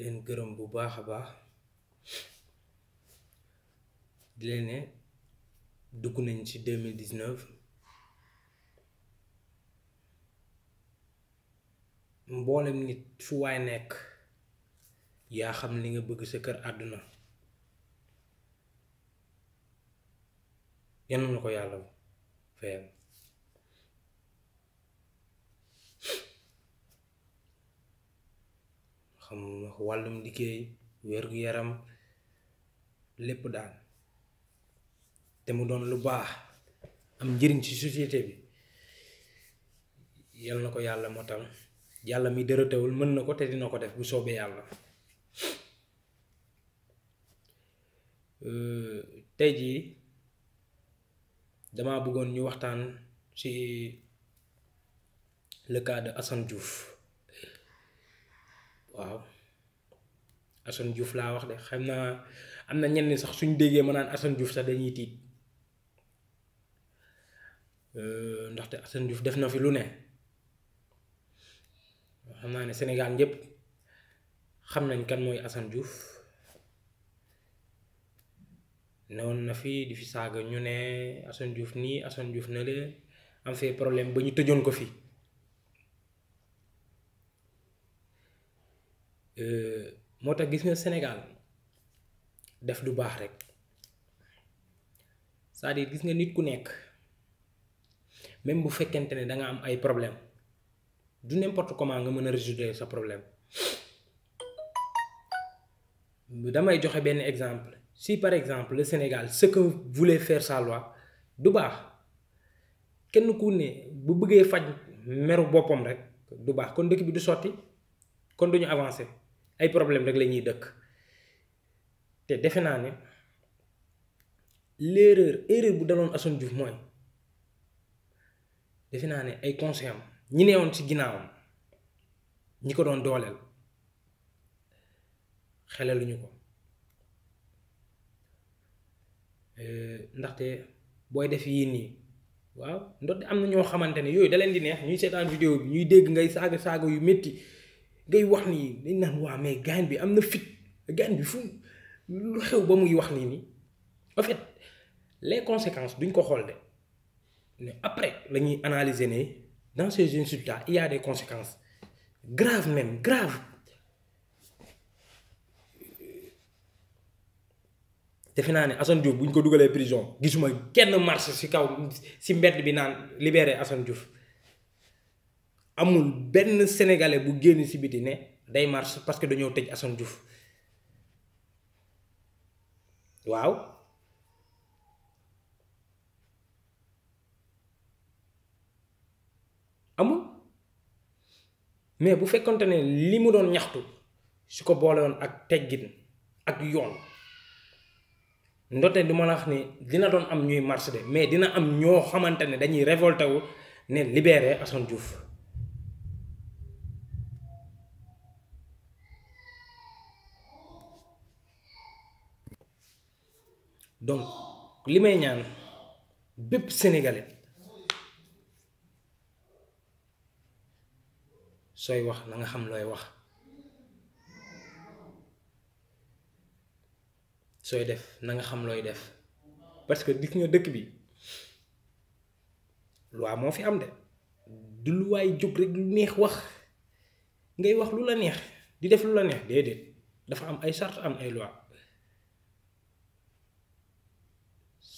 leen gërëm bu baax a baax di leen ne dugg nañ ci deux mille dix neuf mboolem nit fu waay nekk yaa xam li nga bëgg sa kër àdduna yenn na ko yàlla fayal xam wax wàllum liggéey wér-gu-yaram lépp daal te mu doon lu baax am njëriñ ci société bi yal na ko yàlla motal yàlla mi dërëtewul mën na ko te dina ko def bu soobee yàlla tey jii dama bëggoon ñu waxtaan ci le cas de waaw Assane Diouf laa wax de xam naa am na ñenn sax suñ déggee ma naan asan Diouf sax dañuy tiit euh, ndaxte asan Diouf def na fi lu ne xam naa ne Sénégal ñëpp xam nañ kan mooy asan Diouf newoon na fi di fi saaga ñu ne asan Diouf nii asan Diouf na le am fee problème ba ñu tëjoon ko fi. moo tax nga Sénégal def du rek c'est-à-dire gis nga nit ku même bu fekkente da nga am problème du n'importe comment nga mën résoudre sa problème damay joxe benn exemple si par exemple le Sénégal ce que voulait faire sa loi du baax ku ne bu bëggee meru boppam rek du baax kon dëkk bi du avancer. ay problème rek lañuy dëkk te defe naa ne l'erreur erreur bu daloon Assane Diouf mooy defe naa ne ay conseil am ñi neewoon ci ginnaawam ñi ko doon dooleel xelaluñu ko euh, ndaxte booy def yii nii waaw ndox am na ñoo xamante ne yooyu daleen di neex ñuy seetaan vidéo bi ñuy dégg ngay saaga saaga yu métti ngay wax nii dañ naan waa mais gaañ bi am na fit gaañ bi fu lu xew ba muy wax nii nii en fait les conséquences duñ ko xool de mais après la ñuy analyser ne dans ces insultes là il y a des conséquences graves même graves defe naa ne Assane Diouf bu ñu ko dugalee prison gisuma kenn marche ci kaw ci mbedd bi naan libéré Assane Diouf amul benn sénégalais bu génn si ne day marche parce que dañoo tëj Assane Diouf waaw amul mais bu fekkonte ne li mu ñaxtu su ko ak ak yoon ndote dina am ñuy de mais dina am ñoo xamante dañuy révolté ne libéré Assane donc li may ñaan bépp sénégalais sooy wax na nga xam looy wax sooy def nanga xam looy def parce que gis nga dëkk bi loi moo fi am de du luwaay jóg rek lu neex wax ngay wax lu la neex di def lu la neex déedéet dafa am ay charte am ay loi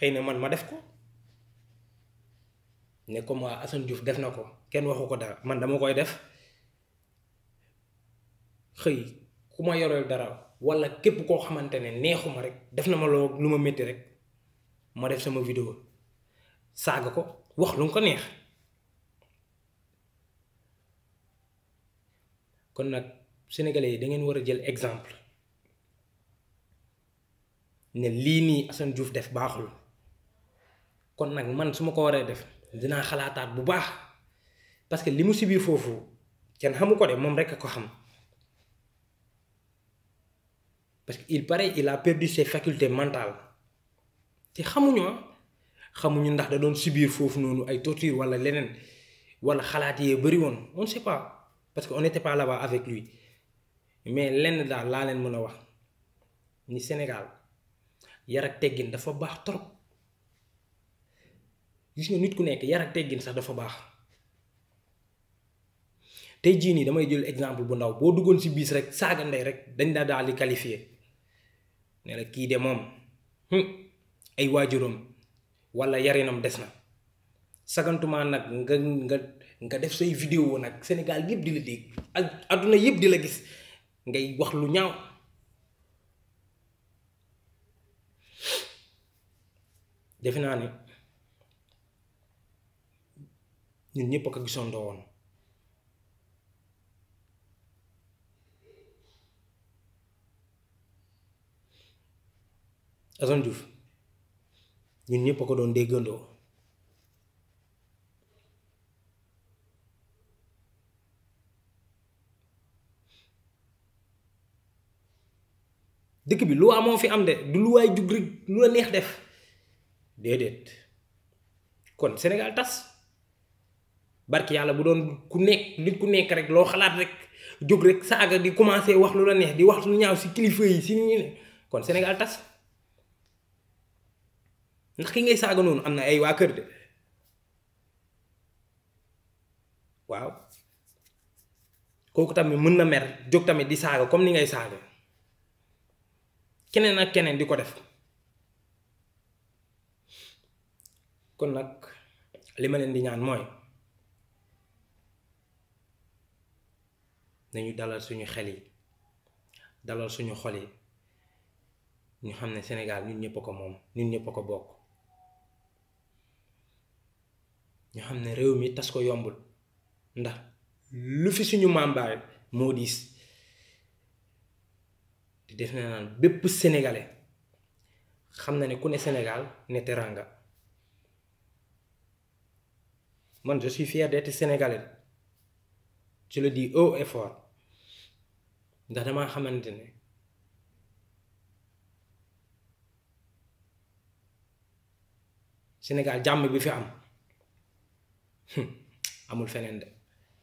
xeyna man ma def ko ne ko ma asan juuf def nako ko kenn waxu ko dara man dama koy def xey kuma ma dara wala kep ko xamantene ne neexuma rek def na ma lo lu ma métti rek ma def sama video, saga ko wax lu ko neex kon nak sénégalais yi da ngeen wara jël exemple ne li ni asan juuf def baxul kon nag man su ma ko waree def dinaa xalaataat bu baax parce que li mu subir foofu kenn xamu ko de moom rek a ko xam parce que il paraît il a perdu ses facultés mentales te xamuñu ah. xamuñu ndax da doon subir foofu noonu ay torture wala leneen wala xalaat yee bëri woon on ne sait pas parce que on n'était pas là-bas avec lui mais lenn daal laa leen mën a wax ni Sénégal yar ak teggin dafa baax trop. gis nga nit ku nekk yar ak teggin sax dafa baax tey jii nii damay jël exemple bu ndaw boo duggoon si bis rek saaga ndey rek dañ daa daal di qualifié ne la kii de moom ay waajuram wala yarinam des na sagantuma nag nga nga nga def say vidéo nag Sénégal yëpp di la dégg ak àdduna yëpp di la gis ngay wax lu ñaaw defe naa ñun ñëpp ko gisandoo woon Assane Diouf ñun ñëpp ko doon déggandoo dëkk bi lu moo fi am de du lu waay jug rek lu la neex def déedéet kon Sénégal tas barki yàlla bu doon ku nekk nit ku nekk rek loo xalaat rek jóg rek saaga di commencé wax lu la neex di wax lu ñaaw si kilifa yi si ñu ne kon Sénégal tas ndax ki ngay saaga noonu am na ay waa kër de waaw kooku tamit mën na mer jóg tamit di saaga comme ni ngay saaga keneen ak keneen di ko def kon nag li ma leen di ñaan mooy. nañu dalal suñu xel yi dalal suñu xol yi ñu xam ne Sénégal ñun ñëpp ko moom nit ñëpp ko bokk ñu xam ne réew mi tas ko yombul ndax lu fi suñu mambaay moo diis te def na naan bépp sénégalais xam na ne ku ne Sénégal ne teranga man je suis fier d'être sénégalais. je la dis haut et fort ndax damaa xamante ne Sénégal jàmm bi fi am hmm, amul feneen de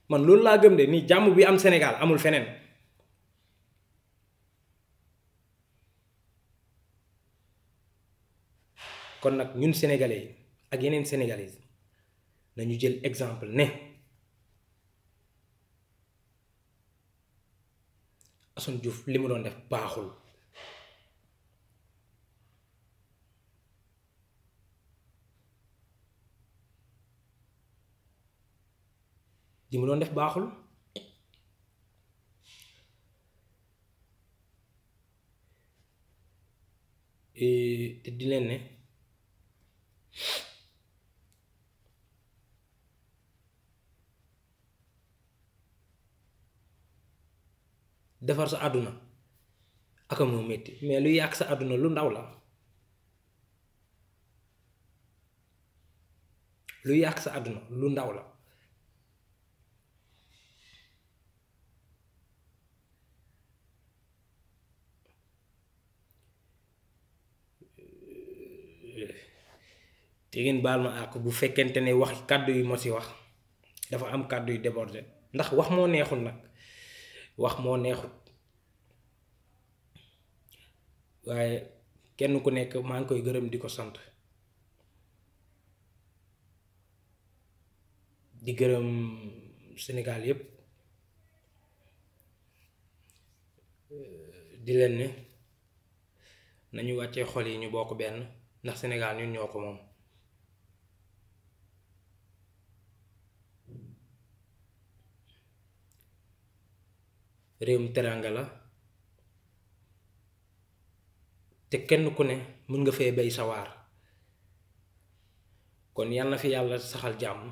man loolu laa gëm de nii jàmm bi am Sénégal amul feneen kon nag ñun sénégalais ak yeneen sénégalais nañu jël exemple ne. Assane Diouf li doon def baaxul li mu doon def baaxul te di leen ne defar sa àdduna aka moo métti mais lu yàq sa àdduna lu ndaw la lu yàq sa àdduna lu ndaw la te ngeen baal ma àq bu fekkente ne wax kàddu yi ma si wax dafa am kàddu yu débordé ndax wax moo neexul nag wax moo neexut waaye kenn ku nekk maa ngi koy gërëm di ko sant di gërëm Sénégal yépp euh, di leen ne nañu wàccee xol yi ñu bokk benn ndax Sénégal ñun ñoo ko moom réew mu teranga la te kenn ku ne mën nga fee bay sawaar kon yàlla na fi yàlla saxal jàmm